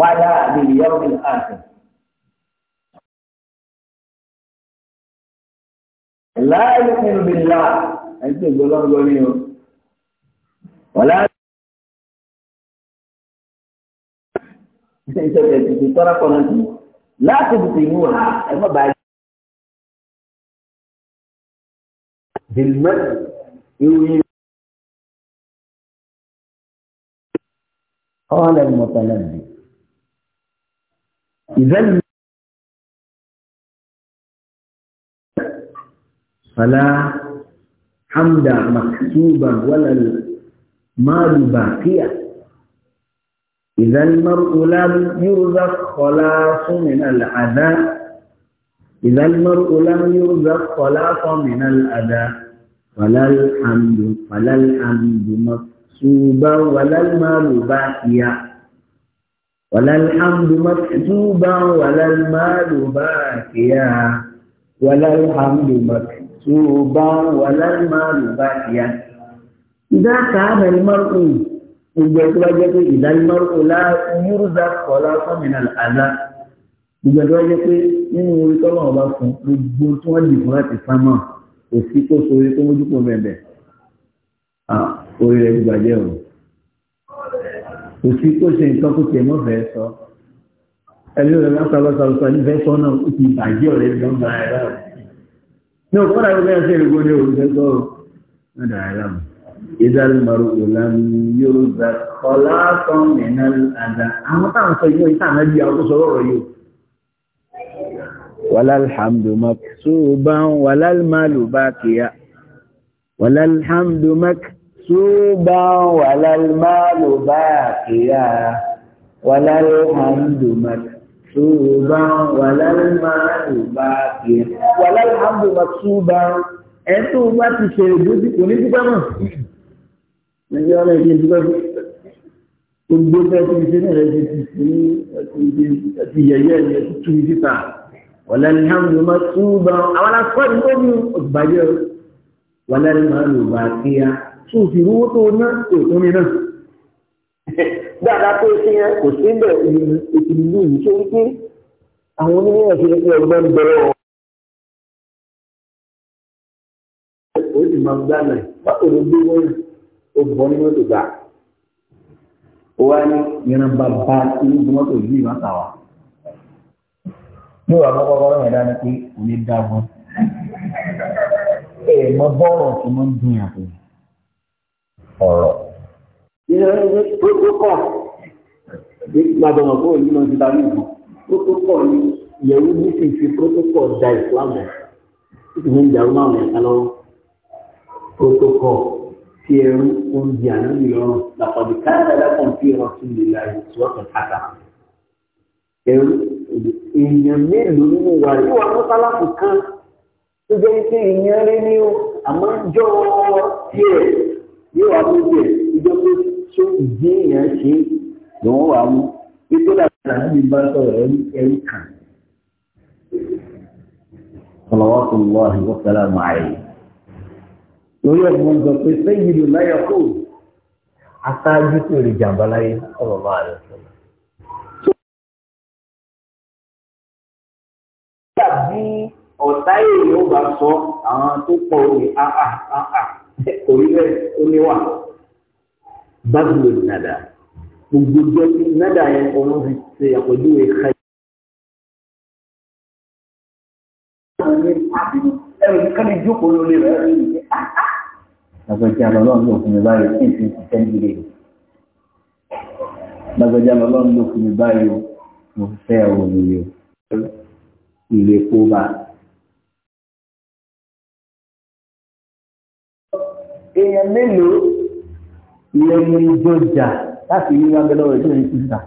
ولا باليوم الآخر لا يؤمن بالله أنت تقولون قوليهم ولا لا تبطلوها أما بعد بالمد قال المتنبي إذا فلا حمد مكتوبا ولا المال باقيا إذا المرء لم يرزق خلاص من الأذى إذا المرء لم يرزق خلاص من الأذى فلا الحمد فلا الحمد مكتوبا ولا المال باقيا ولا الحمد مكتوبا ولا المال باكيا ولا الحمد مكتوبا ولا المال باكيا إذا كان المرء إذا المرء لا يرزق ولا من الأذى ìgbà tó wáyé pé nínú orí tọ́lọ́ ọba fún gbogbo tí wọ́n dì fún láti sámà kò sí kó sórí tó mójú kó bẹ̀bẹ̀ orí rẹ̀ gbàjẹ́ òun kò sí kó ṣe nǹkan tó tẹ̀ mọ́ fẹ́ sọ ẹni lọ́dọ̀ lásàlọ́sàlọ́sà ní fẹ́ sọ náà ó ti bàjẹ́ ọ̀rẹ́ lọ́gbà ẹ̀rọ ní ọ̀pọ̀ náà bẹ́ẹ̀ ṣe ìrìnkò ní òun fẹ́ sọ ọ̀dà ẹ̀rọ ìdárí mọ̀rọ̀ òlà yóò gbà kọ́lá مكتوبا ولا المال باقيا ولا الحمد مكتوبا ولا المال باقيا ولا الحمد مكتوبا ẹ̀tọ́ bá ti ṣe ìdójú kò ní dúpẹ́ mọ̀ níbi ọ̀rọ̀ ìdí dúpẹ́ gbogbo fẹ́ ti ṣe náà ẹ̀jẹ̀ ti ṣe ní ẹ̀tì yẹ̀yẹ́ ẹ̀yẹ tuntun yìí síta wọ̀lẹ́ ní hàmù mọ́túbà àwọn akọ́ni tó ní òtùbàjẹ́ wọ̀lẹ́ ní màálù bá kíá tó sì rówó tó ná ètò mi náà dáadáa tó ṣe yẹn kò sí bẹ̀ ètò ìlú yìí tó ń pé àwọn onímọ̀ ẹ̀sìn ẹgbẹ́ ọgbọ́n bẹ̀rẹ̀ ọ̀ ó sì máa ń gbá náà báwo ló gbé wọ́n ó bọ́ nínú ètò gbà ó wá ní ìran bàbá inú tomato yìí máa tà wá. yóò wá kọ́kọ́ rẹ̀ dání pé kò ní dá bọ́ ẹ̀ bọ́ọ̀rọ̀ tó máa ń dùn yàtọ̀ yìí ọ̀rọ̀. Protocol gbàdọ̀mọ̀ tó yìí lọ sí darí ìbò. Protocol ni ìyẹ̀wò bí sì fi protocol da ìsìlámù. Ìgbìmọ̀ ìjàrú máa wọ̀nyẹn kan lọ́wọ́. Protocol ti ẹrú oúnjẹ àná ìrọ̀rùn làpàdé káàdà kọ̀ǹpì ọ̀tún lè èèyàn mélòó nínú wa yìí wà ní sáláfù kan tó jẹ́ pé èèyàn rí ní o tiẹ̀ yóò wá tó jẹ ìjọ pé tó ìdí èèyàn ṣe ni wọ́n wà mú ètò ìdàgbàsókè àti ìbánisọ̀rọ̀ ẹ̀rí ẹ̀rí kan. صلوات الله وسلامه عليه lórí ọ̀gbọ́n gbọ́ pé sẹ́yìn ló láyà kó aṣáájú tó lè jàǹbá láyé ọ̀rọ̀ máa rẹ̀ ọ̀tá èèyàn bá sọ àwọn tó pọ̀ òye áhà áhà orílẹ̀ oníwà bábùlù nàdà gbogbo jẹ́ kí nàdà yẹn ọ̀nà fi ṣe àpèjúwe ká ẹ̀rù kan ní jókòó lórí rẹ̀ rí i lágbàjá lọ́lọ́run ló fún mi báyìí tí ìfín ti tẹ́jú lè lágbàjá lọ́lọ́run ló fún mi báyìí mo fẹ́ òun nílé ilé kó bá a. èèyàn mélòó lẹ́nu ìjọjà láti rí wá bẹ́lọ́wọ́ ìjọba ní títà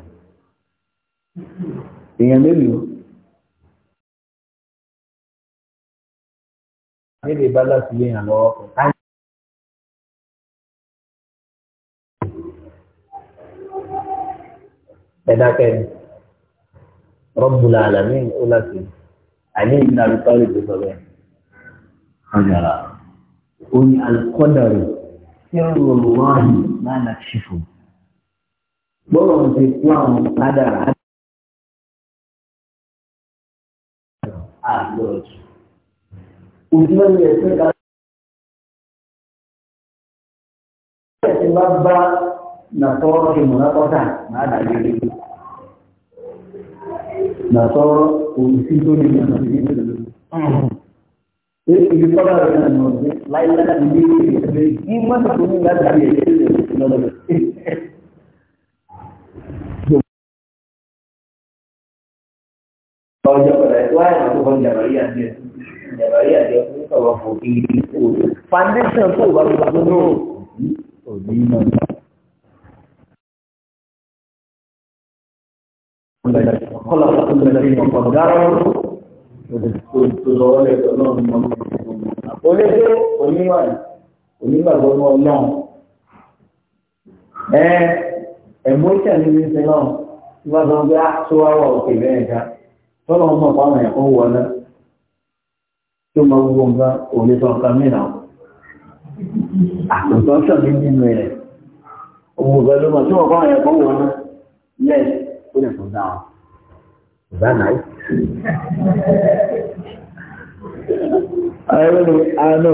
èèyàn mélòó. Níbi ìbálá sí léèyàn lọ́wọ́ kan. Ẹ̀dá kẹ́ni, Rabbul Alamin ó láti, àní ìdílé àbíkọ́lì tó sọ bẹ́ẹ̀ oní alikọ́dàrí sẹ́rù olùwáhì máa nà ṣìfò. Gbọ́dọ̀ ń ṣe fún àwọn kádàrá. Òtún náà yẹ fẹ́ ká. Ẹ̀sìn bá bá nàtọ́rọ́ ìmọ̀lákọ́tà máa dàgbé lé. Nàtọ́rọ́ òtún tó ní ìyàtọ̀ sí ìdílé ibi kọ́lá rẹ̀ náà nù ọ̀dẹ́ láìláà ní ilé ìgbésẹ̀ ní mọ́tò tó ní láti fi ẹ̀jẹ̀ rẹ̀ lọ́dọ̀ ọjọ́ ọ̀rẹ́ wá ìrànlọ́wọ́ jàbárí àjẹ́ jàbárí àjẹ́ fún ọ̀rọ̀ fún ìlú òde foundation tó wà lọ́wọ́ tó náà òní náà. Kọ́lá olùsọ̀rọ̀lẹ̀ onígbàgbọ́ mọ́ ọlọ́run ẹ̀mọ́ṣẹ́ ní ní sinọ́ tí wọ́n sọ pé aṣọ́wọ́ òkè bẹ́ẹ̀ ká tọ́lọ́ mọ̀ fáwọn ẹ̀kọ́ wọ náà tó máa wúwo nǹkan òní sọ mìíràn àtúntò sàn nínú rẹ̀ òun ìgbà tí wọ́n fáwọn ẹ̀kọ́ wọ ẹ̀rọ àánú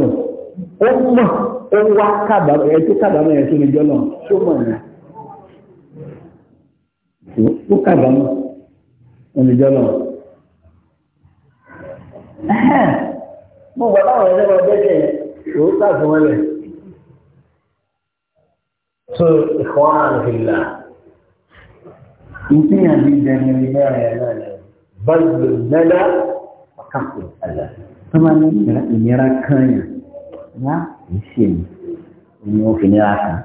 ó mọ̀ ó wá kábàámọ̀ ẹ̀ tó kábàámọ̀ ẹ̀ tó ní jọ náà tó mọ̀ ní ó kábàámọ̀ ó ní jọ náà. mo gbà báwọn ẹ̀rọ ọ̀dẹ́kẹ̀ ó tàbí wọn lẹ̀. so ìfọ̀hánà ló fi là. mo ti yàn bí jẹ́ ní bẹ́ẹ̀ náà lẹ́yìn báyìí lẹ́lá ọ̀kàkùn àlà tó máa ní ìnira kan yàn wá kìí ṣe mi ni eh, wọ́n fi nira kan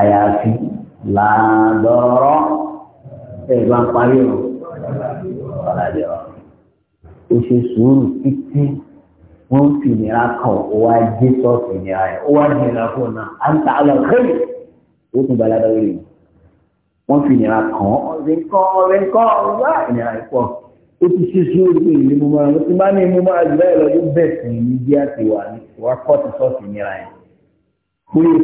àyàfi làádọ́rọ́ ẹ̀ bá ń parí o ọ̀làjọ́ o ṣe sùúrù títí wọ́n fi nira kan ó wá jésù ọ̀sẹ̀ nira yẹn ó wá nira fún un náà à ń ta àlọ́ kẹ́lẹ̀ ó tún balẹ̀ lórí yìí wọ́n fi ìnira kàn án ọ̀rẹ́ nǹkan ọ̀rẹ́ nǹkan ọ̀rẹ́ ìnira ìpọ̀ ó ti ṣe sí orí ìlú mo máa ti máa ní mo máa jù báyìí lọ́jọ́ bẹ́ẹ̀ sì ní bí a ti wà ní wàá kọ́ ti sọ́ọ̀tì ìnira yẹn ń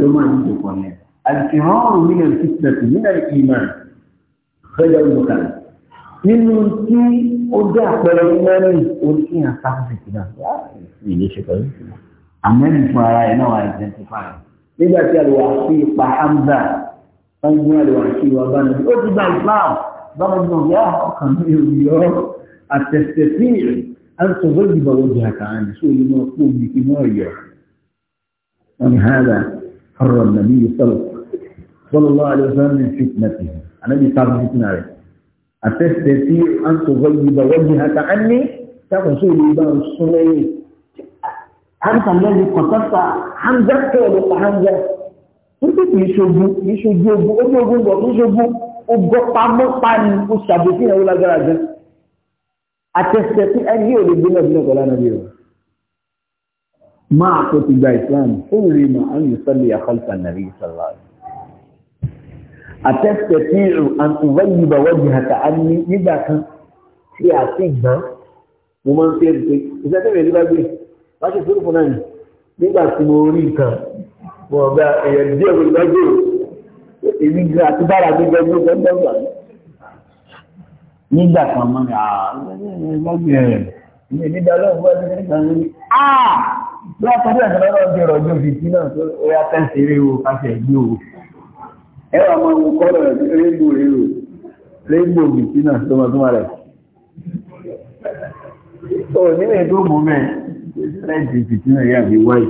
tó máa ń dùn الفرار من الفتنة من الإيمان خير المكان إيه، من ينسي أرجع كل إيماني ونسي أصحاب الفتنة من يشكل الفتنة أما الفرار أنا وعيدين تفعل إذا كان الوحشي بحمزة أن يكون الوحشي وبنى أجب الإسلام بغض الله أخرى من يوم التستطيع أن تغلب وجهك عن سوء المرقوم بكمارية ومن يعني هذا قرر النبي صلى الله عليه وسلم صلى الله عليه وسلم من فتنته انا بيصاب فتنه اتستطيع ان تغيب وجهك عني تغسل بها السنين أنت الذي قتلت حمزة ولا حمزة كنت يشوف يشوف يشوف يشوف يشوف يشوف يشوف يشوف يشوف يشوف يشوف يشوف يشوف أتستطيع أن يقول بنا بنا ولا نبيه ما أقول إسلام قولي ما أن يصلي خلف النبي صلى الله عليه وسلم àtẹ́sẹ̀tìrù àtúbẹ́yìnbà wọ́dì àtà á ní nígbà kan tí a sì gbọ́n mo máa ń fẹ́ rí pé iṣẹ́ tẹ̀lé ní bágbé wá ṣe fúrufú náà ni nígbà tí mo rí nǹkan mo ọ̀gá ẹ̀yẹ̀ díẹ̀ mo gbàgbé èmi gan àti bára mi gan ló gbọ́n gbọ́n nígbà kan mo ní àgbàgbé ẹ̀ ní ìdíjà ọlọ́run fún ẹgbẹ́ nígbà mi ní à lọ́kọ̀ọ́dún ẹ̀sán lọ́rọ̀ ọjọ́ ìrọ̀jọ́ fìtí náà tó ó yá tẹ́sí eré wo káṣẹ̀ ìgbé òwò. ẹwà máa wù kọ́lọ̀ rainbow rero rainbow bìtínà tọmọtọmọ rẹ̀ ó nílẹ̀ tó mú mẹ́ láìsí bìtínà yà bí wáyé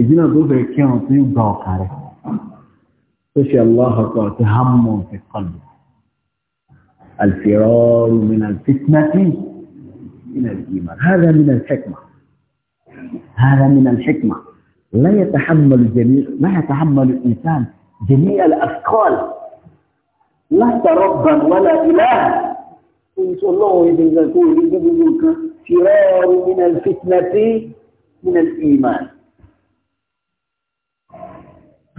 ìdínà tó fẹ́ kírun tó ń gba ọ̀kà rẹ̀ tó ṣe aláhọ̀kọ̀ tó hámọ̀ fi kọlù الفرار من الفتنة من الإيمان هذا من الحكمة هذا من الحكمة لا يتحمل جميع لا يتحمل الإنسان جميع الأثقال لست ربا ولا إله قلت الله إذا كنت جبلك فرار من الفتنة من الإيمان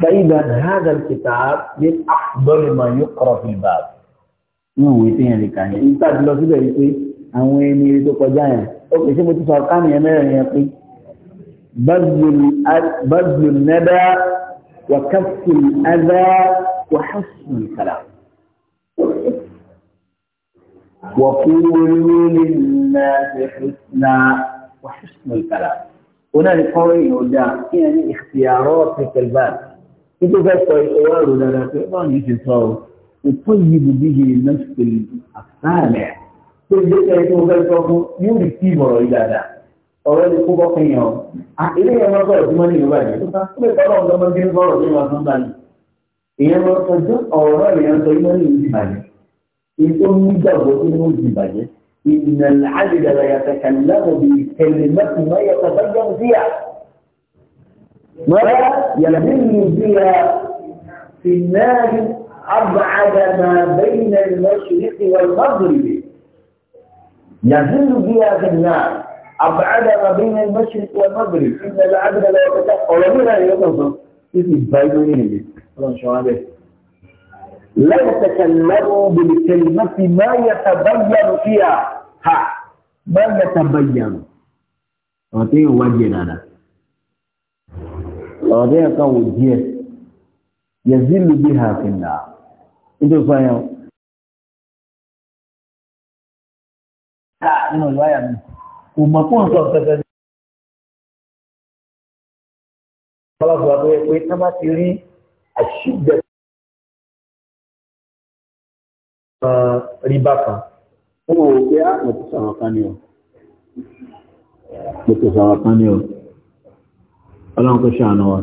فإذا هذا الكتاب من أحضر ما يقرأ في الباب نو يتين يعني انت يقول àwọn ẹni eré tó kọjá yẹn ó pè sí mo ti sọ ọ̀ká nìyẹn mẹ́rin وكف الأذى وحسن الكلام وقولوا للناس حسنا وحسن الكلام هنا القول يرجع يعني اختيارات الكلمات انت بس الحوار ولا لا تقدر يتصور يطيب به نفس السامع تبدا يقول يوري كيبر الى ذلك ọ̀rọ̀ ẹni kó bọ́kùn yàn ilé ẹ̀rọ sọ̀rọ̀ tí wọ́n ní ìlú àjẹ́ tó lè tọ́lọ̀ ọ̀dọ́ máa ń gbé sọ̀rọ̀ ní ìwà sọ́ńdà ni ìyẹn lọ sọ jẹ́ ọ̀rọ̀ ìyẹn sọ iná ní ìlú ìbàjẹ́ èyí tó ní ìjàgbọ́ tó ní ìlú ìbàjẹ́ ìnà àjẹjẹrẹ yàtọ̀ kàlíláàbò bí kẹlẹ̀ mẹ́tì máa yàtọ̀ sọ́jọ́ sí à mọ́ra yàtọ̀ nínú sí à fi أبعد ما بين المشرق والمغرب إن العدل لا يتكفر ولا يتكفر اسم بايدوني لا يتكلموا بالكلمة ما يتبين فيها ها ما يتبين أعطيه وجه أنا أعطيه قوة يزل بها في النار إنتو صحيح ها إنو الوايع منك kò mọ̀ fún ọ̀sán ọ̀sẹ̀sẹ̀ ní. ọlọ́gbà tó yẹ pé tá bá uh, ah, ni o mo ni o ọlọ́run kò ṣàánú wa.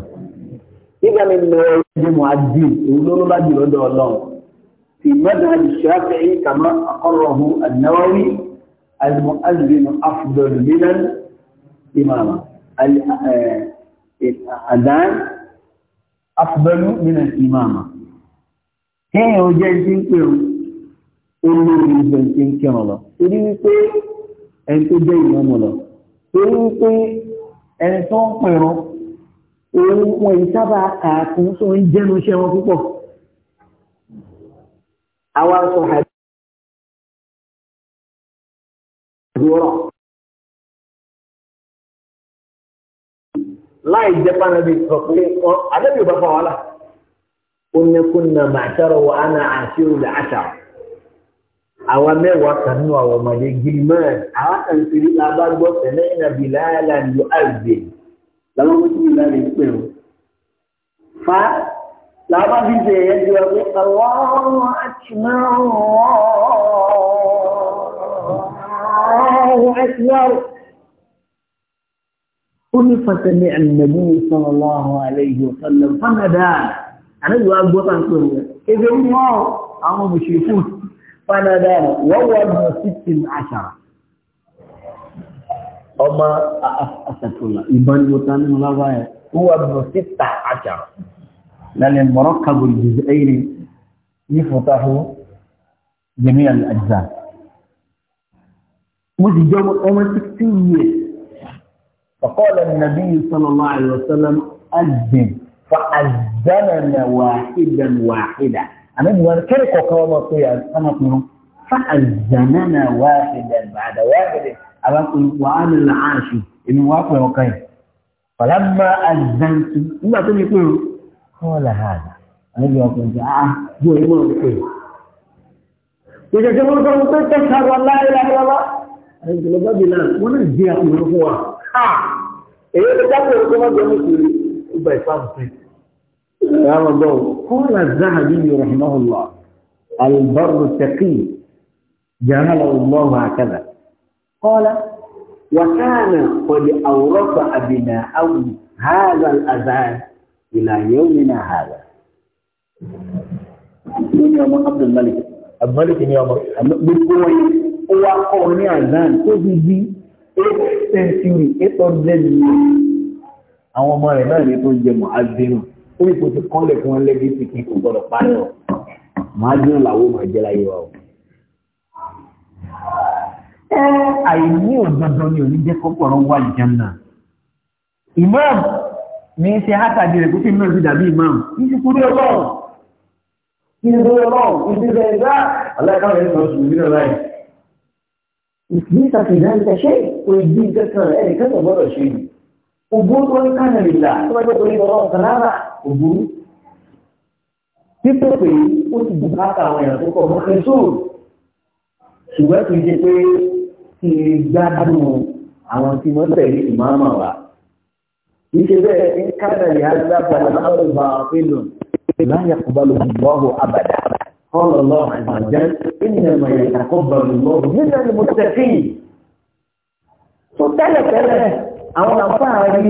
nígbà mi ni ọ̀rọ̀ ìdí mu adì òun ló ló bá jù lọ́dọ̀ ọlọ́run. في مذهب الشافعي كما أقره النووي المؤذن أفضل من الإمامة الأذان أفضل من الإمامة kéèyàn ó jẹ́ tí ń pèrún ó lórí ìgbẹ̀ tí ń kẹrùn lọ torí wípé ẹni tó jẹ́ ìmọ̀mù lọ torí wípé ẹni tó ń pèrún òun wọn yìí sábà kàákùn tó ń jẹ́nu iṣẹ́ wọn púpọ̀ àwa sọ láì jẹ́ pánàbí sọ pé wọ́n àdébí ọba fún wàhálà ó ní kó nà màtẹ́rọ wà ánà àti òòlù àṣà àwa mẹ́wàá kan nínú àwọn ọmọdé gilman àwa kan ti rí lábá gbọ́ tẹ̀lé ìnàbí láyàlá ìlú àìbè làwọn ọmọ tí mi láre pè ó fa làbá bí ṣe yẹ ju ọgbẹ́ àwọn àtìmọ́ àwọn àtìmọ́ قل سمع النبي صلى الله عليه وسلم فنادى انا واغبو تنصر اذا ما هم مشركون فنادى وهو ابن 16 أما أستغفر إبان وطن الله هو ابن 16 لأن المركب الجزئين يفتح جميع الأجزاء مش جو أما 16 years فقال النبي صلى الله عليه وسلم أذن فأذننا واحدا واحدا أنا أقول كيف قوام الطيب أنا أقول فأذننا واحدا بعد واحد أنا أقول وأنا العاشي إنه واقع وقيم فلما أذنت ما تقول قال هذا أنا أقول آه،, آه هو يقول كيف إيه؟ إذا جمهور قوم تشهد والله لا إله إلا الله أنا أقول لا وأنا أقول هو قال الذهبي رحمه الله البر التقي جعله الله هكذا قال وكان قد أورث او هذا الأذان إلى يومنا هذا من يوم عبد الملك الملك يوم هو قوني أذان كذي eight century eight hundred years àwọn ọmọ rẹ̀ náà ní tó jẹ mọ́ azinu ó yẹ kó ti kọ́lẹ̀ fún wọn lẹ́gbẹ̀ẹ́ tí kì í kò gbọ́dọ̀ parí ọ mọ́ azinu làwọn ọmọ ẹ̀jẹ̀ láyé wa o. ẹ àìní òdodo ni òní jẹ́ kọ́kọ́rọ́ wà jẹ́nà imam ní ṣe hátàdì rẹ̀ kó fi mẹ́rin sí dàbí imam kí ti kúrú ọlọ́run kí ti kúrú ọlọ́run kí ti bẹ̀rẹ̀ dá aláìkáwé ní sọ̀rọ̀ sùn nílẹ̀ láì. يثبت في ذلك شيء ويديك ذلك هذا مرة شيء قبول وإن كان لله ثم يقول الله تعالى قبول títòpé ó ti bùkátà àwọn èèyàn tó kọ̀ mọ́ kẹsùn ṣùgbọ́n kì í ṣe pé kí n gbádùn àwọn tí wọ́n tẹ̀lé ìmáàmà wa kì í ṣe bẹ́ẹ̀ ń kádà ní alábàá alábàá bá wọn pé lò láyà kò bá abàdà قال الله عز وجل إنما يتقبل الله من المتقين sọtẹ́lẹ̀ tẹ́lẹ̀ àwọn àfáàrí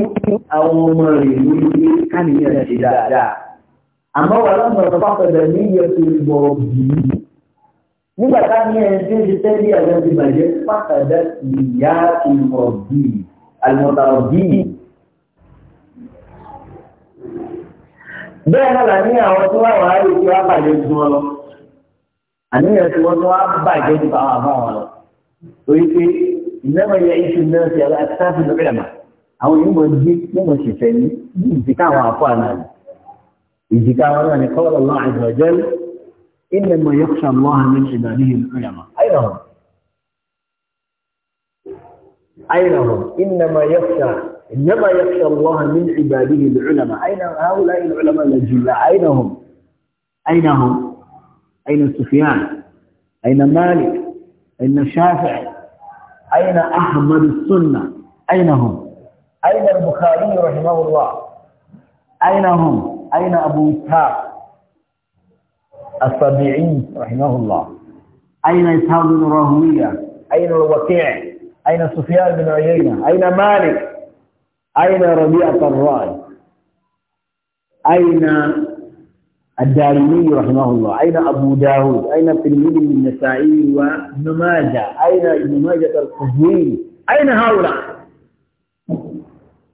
àwọn ọmọ rẹ̀ lórí kánìyàn ṣe dáadáa àmọ́ wà lọ́nà pápẹ̀lẹ̀ ní yẹtù ìmọ̀ òbí nígbà táwọn ẹni tí ó ṣe tẹ́lẹ̀ àwọn ti bàjẹ́ pàtàkì ìyá ìmọ̀ òbí àlùmọ̀tà òbí bẹ́ẹ̀ náà ní àwọn tó wà wàá rí tí wọ́n bàjẹ́ jù wọn lọ. àníyàn tí wọ́n tún wá bàjẹ́ ju àwọn àwọn wọn lọ torí pé ìnáwó yẹ iṣu náà ṣe aláṣáfi lórí ẹ̀mà àwọn yìí mọ̀ gbé mọ̀ mọ̀ ṣẹ̀fẹ̀ ní ìjìká àwọn àpò àná ìjìká àwọn náà ní kọ́lọ̀ náà àjọ̀jẹ́ ilẹ̀ mọ̀ yọ ṣàmúhàn ní ìdàdí lórí ẹ̀mà ayọ̀hún ayọ̀hún ilẹ̀ mọ̀ yọ ṣàmúhàn إنما يخشى الله من عباده العلماء أين هؤلاء العلماء الجلاء أين هم أين هم أين سفيان أين مالك أين شافع أين أحمد السنة أين هم أين البخاري رحمه الله أين هم أين أبو إسحاق الصبيعي رحمه الله أين إسحاق بن راهوية أين الوكيع أين سفيان بن عيينة أين مالك أين ربيعة الرأي أين الدارمي رحمه الله أين أبو داود أين الترمذي النسائي وابن ماجه أين ابن ماجه القزويني أين هؤلاء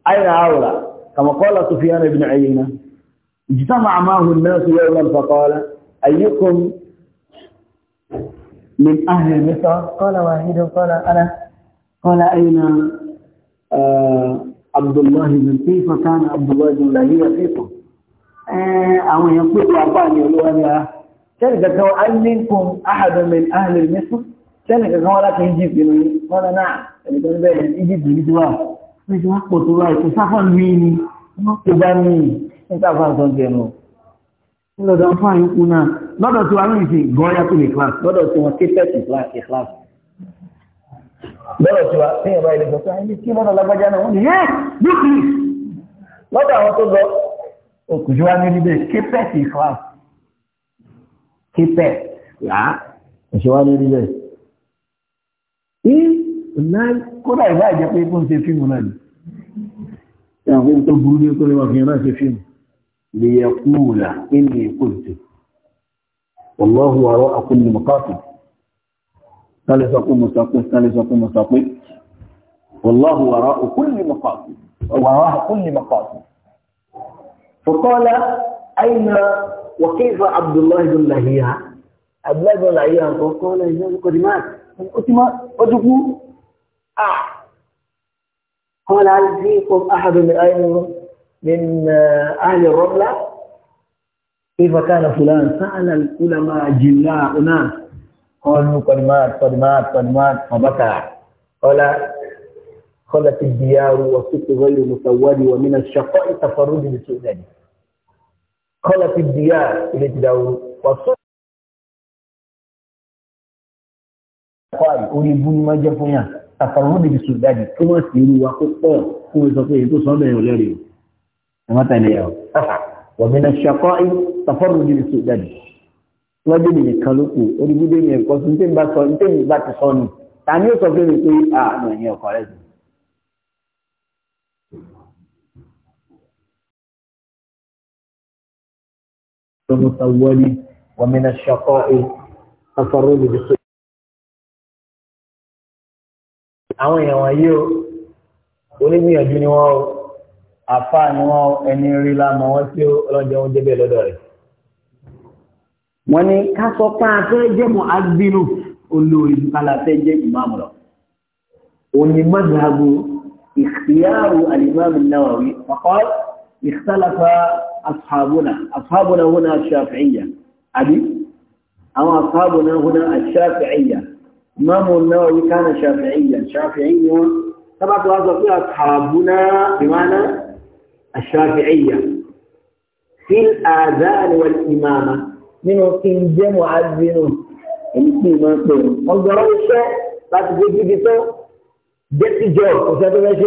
أين هؤلاء كما قال سفيان بن عيينة اجتمع معه الناس يوما فقال أيكم من أهل مصر قال واحد قال أنا قال أين آه عبد الله بن كيف كان عبد الله بن لهية فيكم Eh, àwọn èèyàn pé wà bá ní olówó ní ara tẹ́lì kankan wọ́n alínkùn ahàdùnmẹ̀lì ahàlùmí fún tẹ́lì kankan wọ́n láti Egypt ní wọ́n náà ẹ̀lẹ́gbẹ̀rún bẹ́ẹ̀ Egypt ní tiwa ní tiwa pọ̀ tó wá ètò sáfà mi ni wọ́n tó bá mi ní sáfà tó ń jẹun lọ́dọ̀ fún àyíkú náà lọ́dọ̀ tí wọ́n rìn sí gọ́ọ́yà tó lè class lọ́dọ̀ tí ní òkùnjú wa ní níbẹ̀ képẹ̀t ìklas képẹ̀t là òṣù wa ní níbẹ̀. ní náà kódà ìwà ìjẹ́ pé kó ń ṣe fíìmù náà ni ẹ̀wọ̀n fíìmù tó burú ní kó lè wà fìyàn náà ṣe fíìmù lè yẹ kúùlà kí ni èkó ìtò wàlláhu àrọ àkúnni mọ̀káàtì sálẹ̀ sọ pé mo sọ pé sálẹ̀ sọ pé mo فقال أين وكيف عبد الله بن لهيعة عبد الله بن لهيعة قال إنه قد مات قد مات قد قال هل فيكم أحد من أين من أهل الرملة كيف كان فلان سأل العلماء جلاء قالوا قد مات قد مات قد مات فبكى قال خلت الديار والصدق غير مسود ومن الشقاء تفرد بسؤدان خلت الديار إلى تداول والصدق orí ibú ni máa jẹ́ fún yàn àfàwọn bèbè sùdáàdì kí wọ́n sì rú wa kó pọ̀ kí wọ́n sọ pé èyí tó sọ bẹ̀rẹ̀ ọ̀lẹ́rẹ̀ o ẹ̀wọ́n tẹ̀lé ẹ̀ wọ́n mi náà ṣàkọ́ ẹ̀ àfàwọn bèbè sùdáàdì wọ́n dé orí ibú dé kọ́ sí ní tẹ́mi bá ti sọ nù tani ó sọ fún mi pé à nà ẹ̀yìn rẹ̀ sí المتول ومن الشقاء تفرد بالسوء àwọn èèyàn wọ̀nyí o onígbìyànjú ni wọ́n o àfa ni wọ́n o ẹni rí lámọ̀ wọ́n tí ọlọ́jọ́ wọn débẹ̀ lọ́dọ̀ rẹ̀ wọ́n ní ká sọ pé a fẹ́ jẹ́ mọ́ agbínú olórí kálá jẹ́ ìmáàmù lọ òní mọ́dàgbò ìkìyàrú al-Imam an-Nawawi faqal ikhtalafa أصحابنا أصحابنا هنا الشافعية أبي أو أصحابنا هنا الشافعية إمام النووي كان شافعيا شافعي طبعا هذا في أصحابنا بمعنى الشافعية في الآذان والإمامة منه كن جمع الدين الإمام قال ضرب الشيء لا تجيب جيبته جت جوب وسأتوا ماشي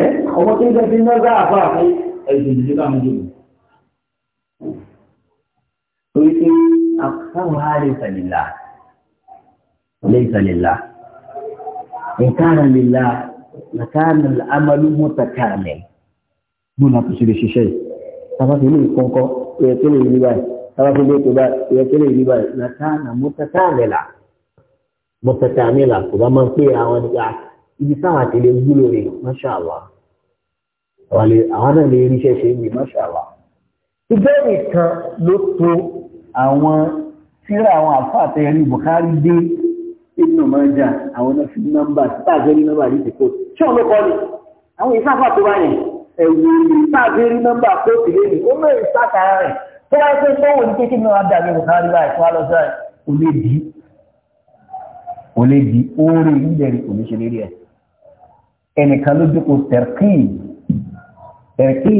Eh? ọmọ tí ń jẹ́ sí mẹ́gbà àfà fún ẹ̀sìn ìjọba mi jùlọ. torí pé àkàwọn ààrẹ ìsàlìlà ilé ìsàlìlà nǹkan àlìlà nǹkan àmàlú mọ́tàkà rẹ̀ gbọ́nà tó ṣe lè ṣiṣẹ́ yìí tàbá fi lè kọ́kọ́ ìyẹ̀kẹ́lẹ̀ ìlú báyìí tàbá fi lè tó bá báyìí nǹkan àmọ́tàkà rẹ̀ là mọ́tàkà rẹ̀ kò bá máa ń pè àwọn nígbà ibi táwọn àtẹlẹ wúlò rè mọ́ṣáàlá àwọn náà lè ríṣẹ́ ṣe ní mọ́ṣáàlá. ìgbẹ́ nìkan ló to àwọn tíra àwọn àfáàtẹ rí Bukhari dé inú mọ́jà àwọn náà fi nọ́mbà sípàgẹ́ ní nọ́mbà yìí ti kó tí wọn ló kọ́ ni àwọn ìsáfà tó bá yẹn ẹ̀wù ìsáfẹ́ rí nọ́mbà kóòtù lẹ́yìn ó mẹ́rin sákàá rẹ̀ tó wáyé pé tó wọ́n ní kékeré náà dàbí Bukhari báyìí fún alọ́sẹ̀ ò lè dì í ní ṣe lérí ẹ̀ ẹnìkan ló dípò tẹ̀rkì tẹ̀rkì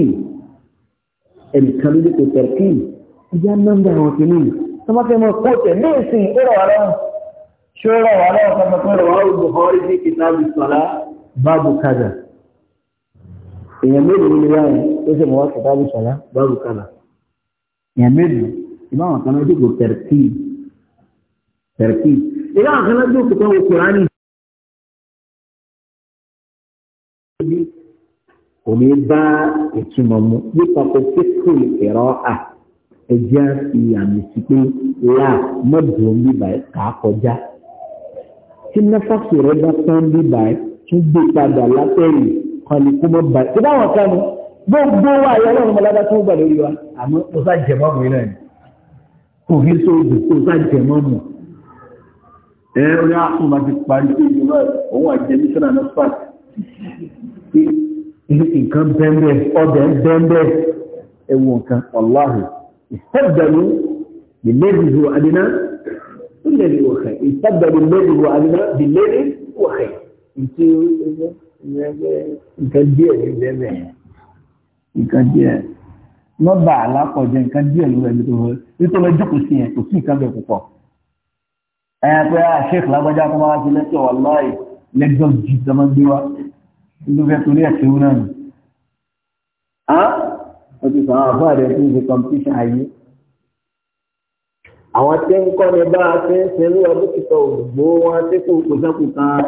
ẹnìkan ló dípò tẹ̀rkì ìyá nọ́mbà àwọn kìíní tọ́mọ́tẹ́ mọ́ kó tẹ̀ ní ìsìn ìrọ̀ wà lọ́wọ́ ṣé ó rọ̀ wà lọ́wọ́ tọ́mọ́tẹ́ rọ̀ wà ó Bukhari sí kìtàbù sọ̀lá báàbù kàdà èèyàn mélòó ni wáyé ó sì mọ̀ wá kìtàbù sọ̀lá báàbù kàdà èèyàn mélòó ìbáwọn kan ló dípò tẹ̀rkì tẹ̀rkì ìbáwọn kan kò ní bá ìtumọ̀ mu nípa kò fífò ìrọ̀ à ẹjẹ́ fi àmì sí pé là mọ́dùn bíbà kà á kọjá tí náfàsì rẹ bá tán bíbà tún gbé padà látẹ̀yìn kan ní kó mọ́ bá ẹ̀ bá wọn kánú gbogbo wa ayé ọlọ́run mọ́lá bá tún gbà lórí wa àmọ́ kò sá jẹ̀mọ́ mi náà ni kò ní sóògùn kò sá jẹ̀mọ́ mu ẹ orí àtúntò bá ti parí pé òun àjẹmísọ́nà náà nǹkan bẹ́ẹ̀ ọbẹ̀ bẹ́ẹ̀ ẹ̀wọ̀n kan wàláhù ìsẹ́bẹ̀lú ìlẹ́bìhù àdínà ìlẹ́bì wọ̀kẹ̀ ìsẹ́bẹ̀lú ìlẹ́bìhù àdínà ìlẹ́bì wọ̀kẹ̀ ìtí nǹkan díẹ̀ ní bẹ́ẹ̀ nǹkan díẹ̀ nọ́bà alákọ̀jẹ́ nǹkan díẹ̀ ló rẹ̀ nítorí jókòó sí yẹn kò sí nǹkan bẹ̀ púpọ̀ ẹ̀ pé àṣẹ ah, ìfúlágbájá tó máa ti lẹ́tọ̀ inú fẹ́ torí ẹ̀kẹ́ ah wọ́n ti sọ àwọn àbá rẹ̀ tó ń ṣe competition ayé àwọn tí ń kọ́ ni bá a ti ń ṣe ní ọdún kìtọ̀ òdòdó wọn tí kò kò sẹ́kù kan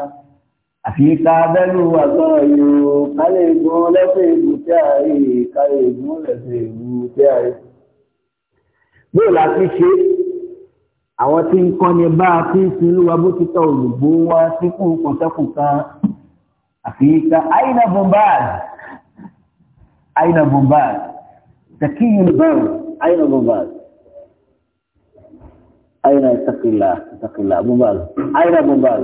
àfíríkà bẹ́lú àgbọ̀rọ̀ yòó kálẹ̀ ìgbọ́n lẹ́sẹ̀ ìlú tí a rí kálẹ̀ ìgbọ́n lẹ́sẹ̀ ìlú tí a rí. bóò la ti ṣe àwọn tí ń kọ́ ni bá a ti ń ṣe ní ọdún kìtọ̀ òdòdó wọn tí kò kò sẹ́kù kan أفيك أين بومباز أين بومباز تكي البر أين بومباز أين اتقي الله اتقي الله بومباز أين بومباز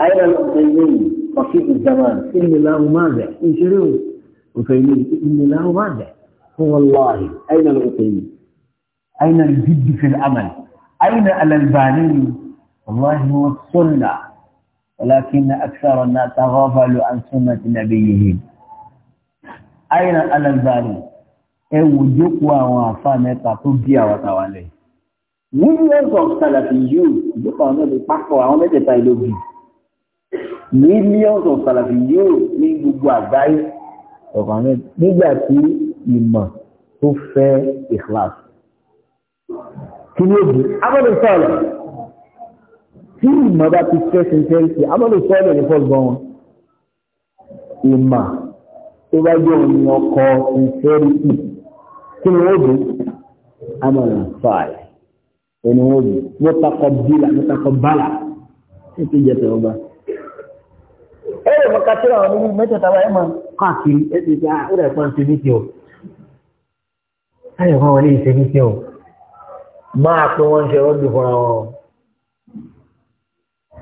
أين الأطيمين وفي الزمان إن الله ماذا انشروا وفيمين إن الله ماذا هو الله أين الأطيمين أين الجد في العمل أين الألباني والله هو السنة ولكن أكثر الناس تغافلوا عن سنة نبيهم أين على البالي ewu jókòó àwọn àfa mẹ́ta tó bí àwọn táwa millions of salafiyun jókòó àwọn mẹ́ta pápọ̀ àwọn mẹ́tẹ̀ẹ̀ta ìlú millions of salafiyun ní gbogbo àgbáyé ọkọ àwọn mẹ́ta nígbà tí ìmọ̀ tó fẹ́ ìkíláàsì kí ló dé abọ́dọ̀ sọ̀rọ̀ tí ìmọ̀ bá ti fẹ́ sincerity a máa lè sọ ọ́dọ̀ ní fọ́gbọ́n wọn ìmọ̀ tó bá jẹ́ òun ọkọ̀ sincerity kí ni wọ́n dùn a máa nà fàáì ẹni wọ́n dùn mọ́tàkọ̀ bílà mọ́tàkọ̀ bálà ní ti jẹ́ tẹ̀wọ́n bá. ẹ yẹ mọ kátìrà àwọn onímọ̀ mẹ́tẹ̀ẹ̀ta wa ẹ máa káàkiri ẹ ti sá ah, ó rẹ̀ fọ́n ti ní ti o ayọ̀ wọn wọlé ìṣèlú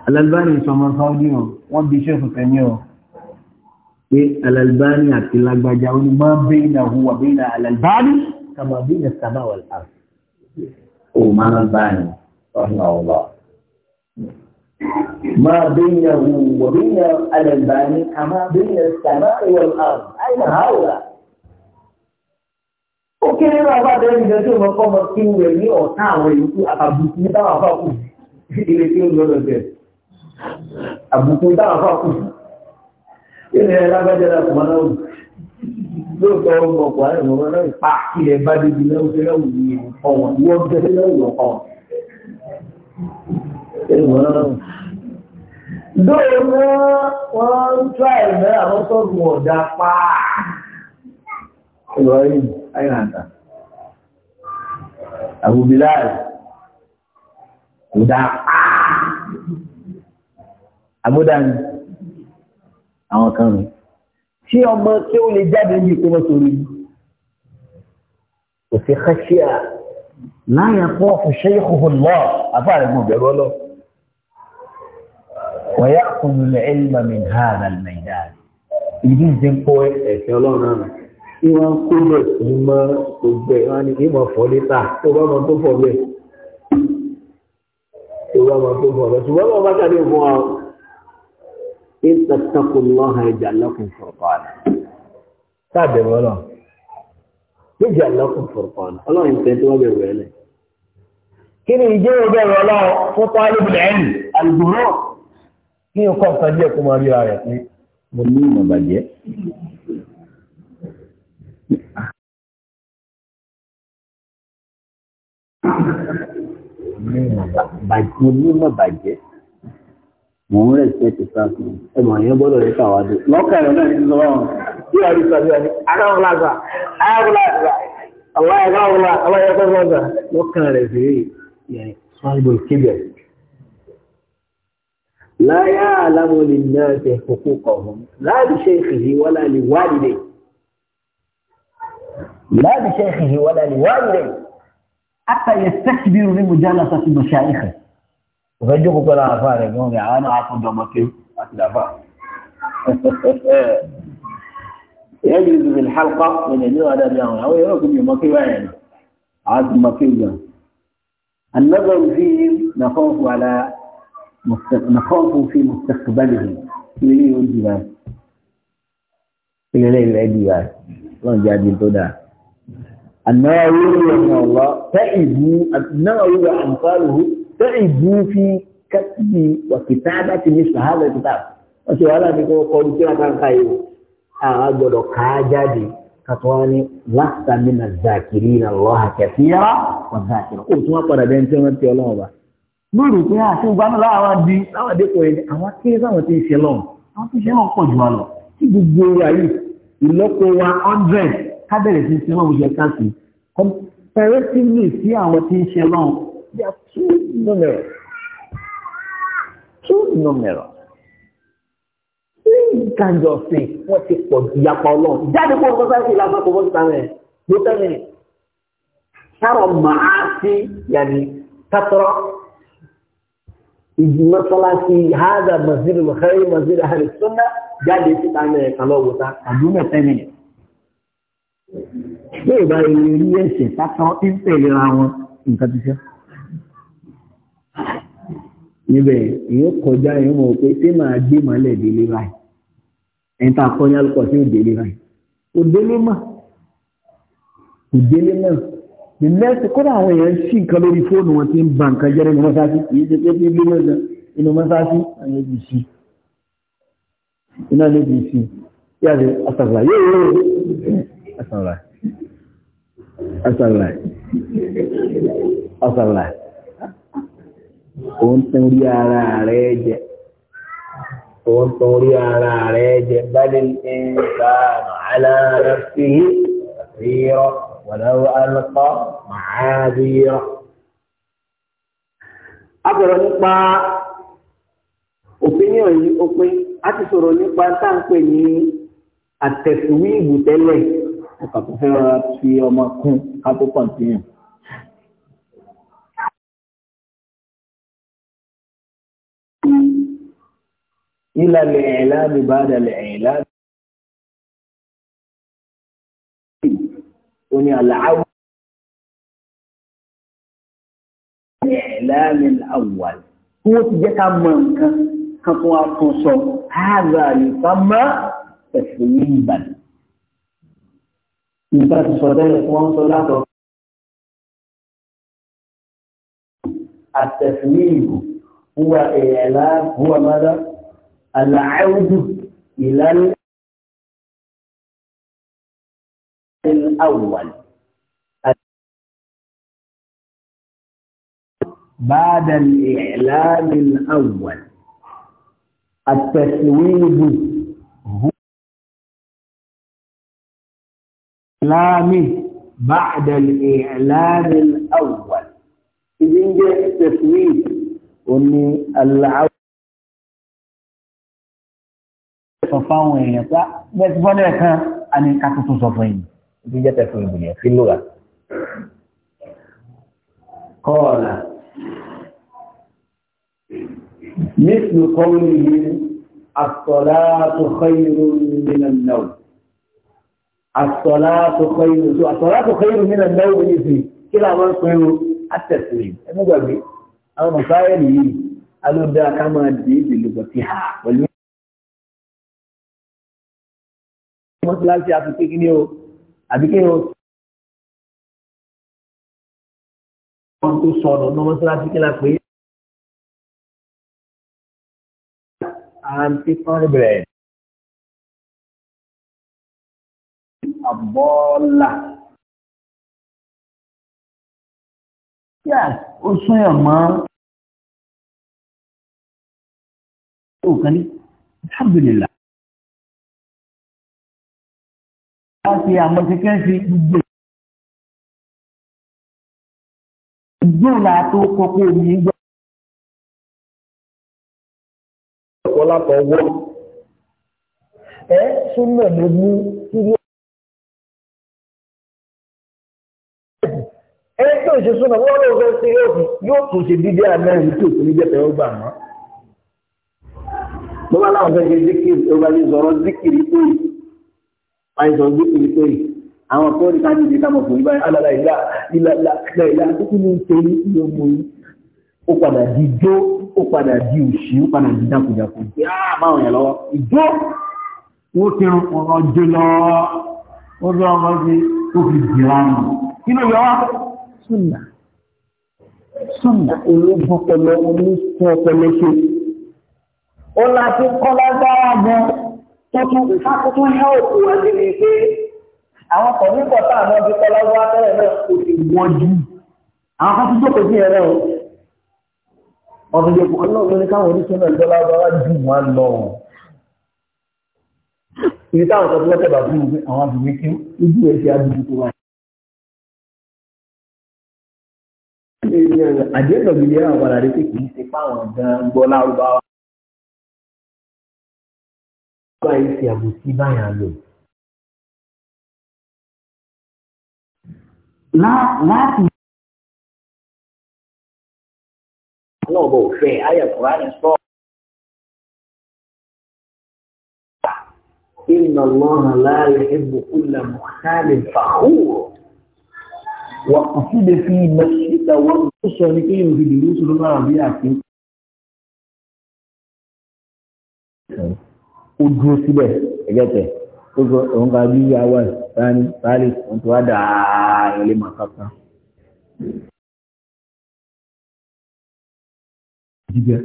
Al-Albani ìsọmọ Saudi o wọ́n bí iṣẹ́ òfin ní ọ pé Al-Albani àti lágbàjá ó ní máa ń bẹ́ ìnà òun wà bẹ́ ìnà Al-Albani kàmà bẹ́ ìnà sábà wà láà ó máa ń bá ní ọ̀nà ọ̀lọ́ máa bẹ́ ìnà òun wà bẹ́ ìnà Al-Albani kàmà bẹ́ ìnà sábà wà láà àìmọ̀ àwòrán ó kéré náà bá bẹ́ẹ̀ nìkan tí òun kọ́ ọmọ kí ń rẹ̀ ní ọ̀tá àwọn ìlú àtàbùkù ní táwọn àbákù ilé tí ó lọ́dọ̀ bẹ́ẹ̀. àbùkù táwọn fàkù ilẹ̀ lágbàjẹ́lá kùmọ́ náà lóòtọ́ ọmọ ọkùnrin ọmọ náà pa ilẹ̀ bá débi náà fẹ́ lọ́wọ́ ní ọwọ́ wọ́n gẹ́gẹ́ lọ́wọ́ ọ̀hún Dóò mọ́ wọ́n ń tra ẹ̀mẹ́ àwọn àbúdání àwọn kan rẹ̀ tí ọmọ tí ó lè jáde níbi ìpínlẹ̀ sórí kò sí kẹ́ṣíà láyé fún ọ̀fùṣẹ́ ìhòhò lọ àfáàrẹ̀ mọ̀ bẹ̀rù ọlọ́ wọ́n yá kùnú lẹ̀ ẹ́lìmọ̀ mi ha àdàlùmọ̀ ìdá ìdí ìdí ń kọ́ ẹ̀sìn ọlọ́run náà tí wọ́n kó lẹ̀ sí mọ́ gbogbo ẹ̀ wọ́n ní kí mọ̀ tó bá mọ̀ tó fọ̀ bẹ́ẹ̀ tó bá mọ̀ tó fọ̀ bẹ́ẹ̀ ṣùgbọ́n bá bá jáde fún wa in tattaqullaha yaj'al lakum furqana sáàbẹ̀ wọ́lọ̀ yaj'al lakum furqana ọlọ́run ń tẹ́tí wọ́n bẹ̀rù ẹlẹ̀ kí ni ìjẹ́ ọgbẹ́ rẹ̀ ọlọ́run fún pálíbùlẹ̀ ẹ̀yìn àlùbùrọ̀ kí n kọ́ nǹkan bàjẹ́ mo bàjẹ́ mò ń rẹ̀ ṣe tìta ẹ mọ̀ yẹn gbọ́dọ̀ rẹ̀ tàwádé lọ́kàn rẹ̀ náà ti sọ wọn tí a rí sàbí ẹni aráwọ̀láza aráwọ̀láza aláyẹ̀kọ́wọ̀lá aláyẹ̀kọ́wọ̀lá lọ́kàn rẹ̀ sí yẹn sọ́nbù kíbẹ̀. láyà alámọ̀lì náà ṣe kókó kọ̀ọ̀hún láàbì ṣe ìṣèlú wọlá lè wádìí láàbì ṣe ìṣèlú wọlá lè wádìí وفي جوكو كلا عفارة أنا عفو دمكيو أكيد عفارة يجلس في الحلقة من النوع هذا بيانو هو يعني يروكم يوم يعني؟ يعني؟ النظر فيه نخوف على مستق... في مستقبله اللي هو الجبال اللي هو الجبال الله جادي انتو دا النووي رحمه الله تعبوا النووي قاله تعبوا في كتب وكتابة مثل هذا الكتاب wọ́n ṣe wàhálà ní kó kọlu tí wọ́n bá ń yìí àwọn gbọ́dọ̀ ká jáde kàtó wọn ni lásìkò àmìnà zakiri na lọ́hà kẹfìyà wọn zakiri kó tí wọ́n padà bẹ́ẹ̀ tí wọ́n ti ọlọ́wọ́ bá. lórí pé àti ìgbàanà láwọn di láwọn dẹ́kun yẹn àwọn kéré sáwọn ti ń ṣe lọ́wọ́ àwọn ti ń ṣe lọ́wọ́ pọ̀ jù wá lọ tí gbogbo wa yìí ìlọ́po wa hundred kábẹ̀rẹ̀ ti ń ṣe They are too numerous. Too numerous. Ìkànjọ sí wọ́n ti pọ̀ ìyapa ọlọ́run. Jáde kó o sọ́sá sí ìlànà kò fọ́sí the ẹ̀. Ló tẹ́lẹ̀ ní. Sárọ̀ màá sí yàní kátọ́rọ́. Ìjì mọ́sálásí Háàdà Màsílì Mùkárí Màsílì Hàrí Súnà jáde sí sáré ẹ̀ kan lọ́wọ́ sá. Àdúgbò tẹ́lẹ̀ ní. Bí ìbá ìrírí ẹ̀ṣẹ̀ sátọ́ ń tẹ̀lé ra wọn nǹkan ti fẹ́ níbẹ̀ èyí kọjá èyí mọ̀ pé ṣé máa gbé màálẹ̀ délé báyìí ẹni tá a kọ́ ní alùpùpù sí òdélé báyìí òdélé mọ̀ òdélé mọ̀ ìlẹ́sìn kódà àwọn èèyàn ṣì nǹkan lórí fóònù wọn ti ń ba nǹkan jẹ́rẹ́ ní mọ́sáàsì kì í ṣe pé bí gbígbé náà inú mọ́sáàsì àwọn ẹbí sí iná níbi sí yá ṣe àṣàlà yóò yóò àṣàlà àṣàlà àṣàlà ó ń tún rí ara rẹ̀ jẹ ó ń tún rí ara rẹ̀ jẹ báyìí ní ìsàrò alára sí rírọ wàláwọ alùpọ̀ màá rírọ. a sọ̀rọ̀ nípa opinion yìí ó pín a ti sọ̀rọ̀ nípa táǹpẹ̀ ní àtẹ̀síwí ìbùtẹ́lẹ̀ ọkà tó fi ọmọ kún ká tó إلى الإعلام بعد الإعلام وني العو الإعلام الأول هو تجتا من كفوا تنصر هذا يسمى تسريبا يبقى تصدر وانصر التسريب هو إعلام هو ماذا؟ العود إلى الأول بعد الإعلام الأول التسويد هو إعلامه بعد الإعلام الأول إذن جاء التسويد ومن العود sọ fáwọn èèyàn pé bẹ́ẹ̀ ti fọ́lẹ̀ kan a ní ká tuntun sọ fún yìí. Ibi jẹ́ tẹ̀sán ìbùnìyàn sí lóra. Kọ́ọ̀là. Mísù kọ́mí yìí as-salatu khayrun minan nawm. as tó as-salatu khayrun minan nawm ní ìsìn kí làwọn pé o àtẹ̀sìn àwọn mọ̀sáyẹ̀ nìyí alódà ká máa ìdìlú bọ̀ sí ha pẹ̀lú mọ́síláṣí àti pé kí ní o àbí kí ní o tó sọ ọ̀nà ọ̀nà mọ́síláṣí kí lápé àǹtí fọ́nrẹ́bẹ̀rẹ̀ àbọ́ọ́là ó sún ẹ̀ mọ́ òkan ní wọ́n ti àmọ́tíkẹ́sì gbogbo ìgbóòlà tó kọ́kọ́ omi gbọ́. ọ̀pọ̀lọpọ̀ wọ́ ẹ súnmọ̀ ló mú sírí ẹ tó ṣe súnmọ̀ wọ́n ló fẹ́ sí yóò yóò tún ṣe dídí àmẹ́rin tó tún níjẹ́ tẹ́wọ́ gbà mọ́. bó bá láwọn fẹ́ ṣe díkìrì tó bá lè sọ̀rọ̀ tó yìí àìsàn gbé pèlè pé àwọn kan ní káàdì ìdí káàmọ̀ fún ìbáyà alàlà ìlà ìlà ìlà ìlà àkókò ní nítorí ní ọmọ yìí ó padà di ijó ó padà di òṣì ó padà di dákújákú pé á máa yàn lọ́wọ́ ìjó wọ́n ti rún ọ̀rọ̀ jẹ lọ ó lọ ọmọ sí tó fi dì lánà kí ló yọ wá súnà súnà ológun tuntun ìfákútú ní òkú ẹgbẹ́ ni pé àwọn kọ̀míkọ̀ tá àwọn ibi tọ́lá wá tẹ́lẹ̀ náà kò sì wọ́n jù àwọn kan tún jókòó sí ẹ̀rọ ọ̀dọ̀ ìjọba ọlọ́run ní káwọn oníṣẹ́ náà tọ́lá wá jù wọ́n lọ. ibi táwọn kan tó lọ́tẹ̀ bàbá àwọn àbùmí ojú ẹ̀ ṣe àbùmí tó wà. àdéhùn ìlera àwọn àlàyé kì í ṣe fáwọn gan gbọ́ lárúbáwá ọba yìí fi àbòsí báyà lò. láti náà bò fẹ́ ayọ̀ kùránì sọ. إن الله لا يحب كل مختال فخور وقصد في مسجد والمشركين في دروس العربية ó dúró síbẹ̀ ẹ̀gẹ́tẹ̀ ó sọ òun ká bí yàwó ẹ̀ sáni sáàlì òun ti wá dàá ilé màkà kan. jíjẹ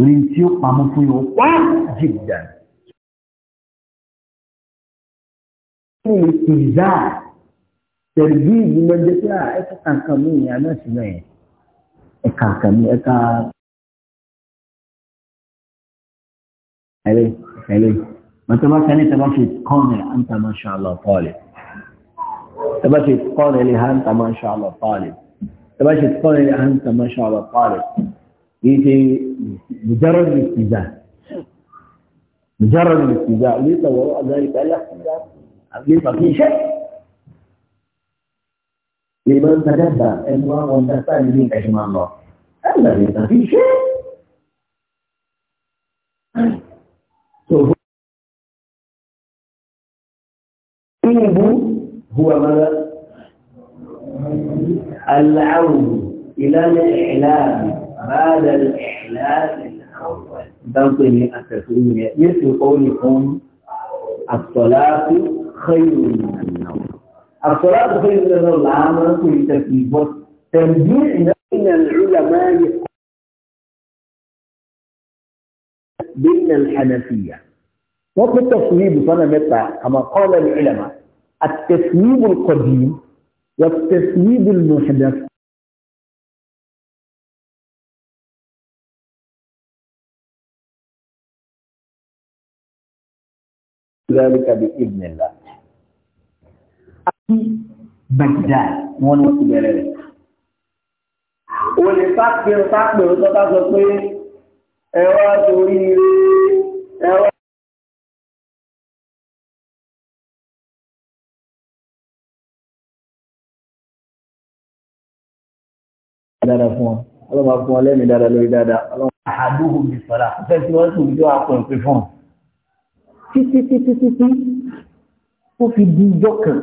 orí tí ó pamọ́ fún yóò wá jìbìdà fún ìzá tẹ̀lé bí ìlú pé ah, ẹ̀ka kankan mi ìyá náà sí náà ẹ̀ka kankan mi ẹ̀ka. عليه عليه ما انت ما كان انت ما في قانع انت ما شاء الله طالب انت بقى قانع لها انت ما شاء الله طالب انت بقى قانع لها انت ما شاء الله طالب يجي مجرد الاستهزاء مجرد الاستهزاء ليس وراء ذلك الا ليس في شيء لمن تدبر امرأ وتستعين منك اجمع الله الذي ليس في شيء هو هو ماذا العون إلى الإعلام هذا الاحلام الأول بنطني التسليمية مثل قولكم الصلاة خير من النوم الصلاة خير من النوم العامة في تنبيه من العلماء الحنفية وفي التصويب سنة متى كما قال العلماء التصويب القديم والتصويب المحدث ذلك بإذن الله بغداد wọn ni wọn ti bẹ̀rẹ̀ rẹ̀. ẹwà torí rẹ̀ ẹwà dáadáa fún wọn ọlọ́mà fún wọn lẹ́mìí dáadáa lórí dáadáa ọlọ́mà àdúgbò bí sọ́lá fẹ́ tí wọ́n tún jọ àpọ̀ ìpè títí títí títí tó fi di ìjọ kan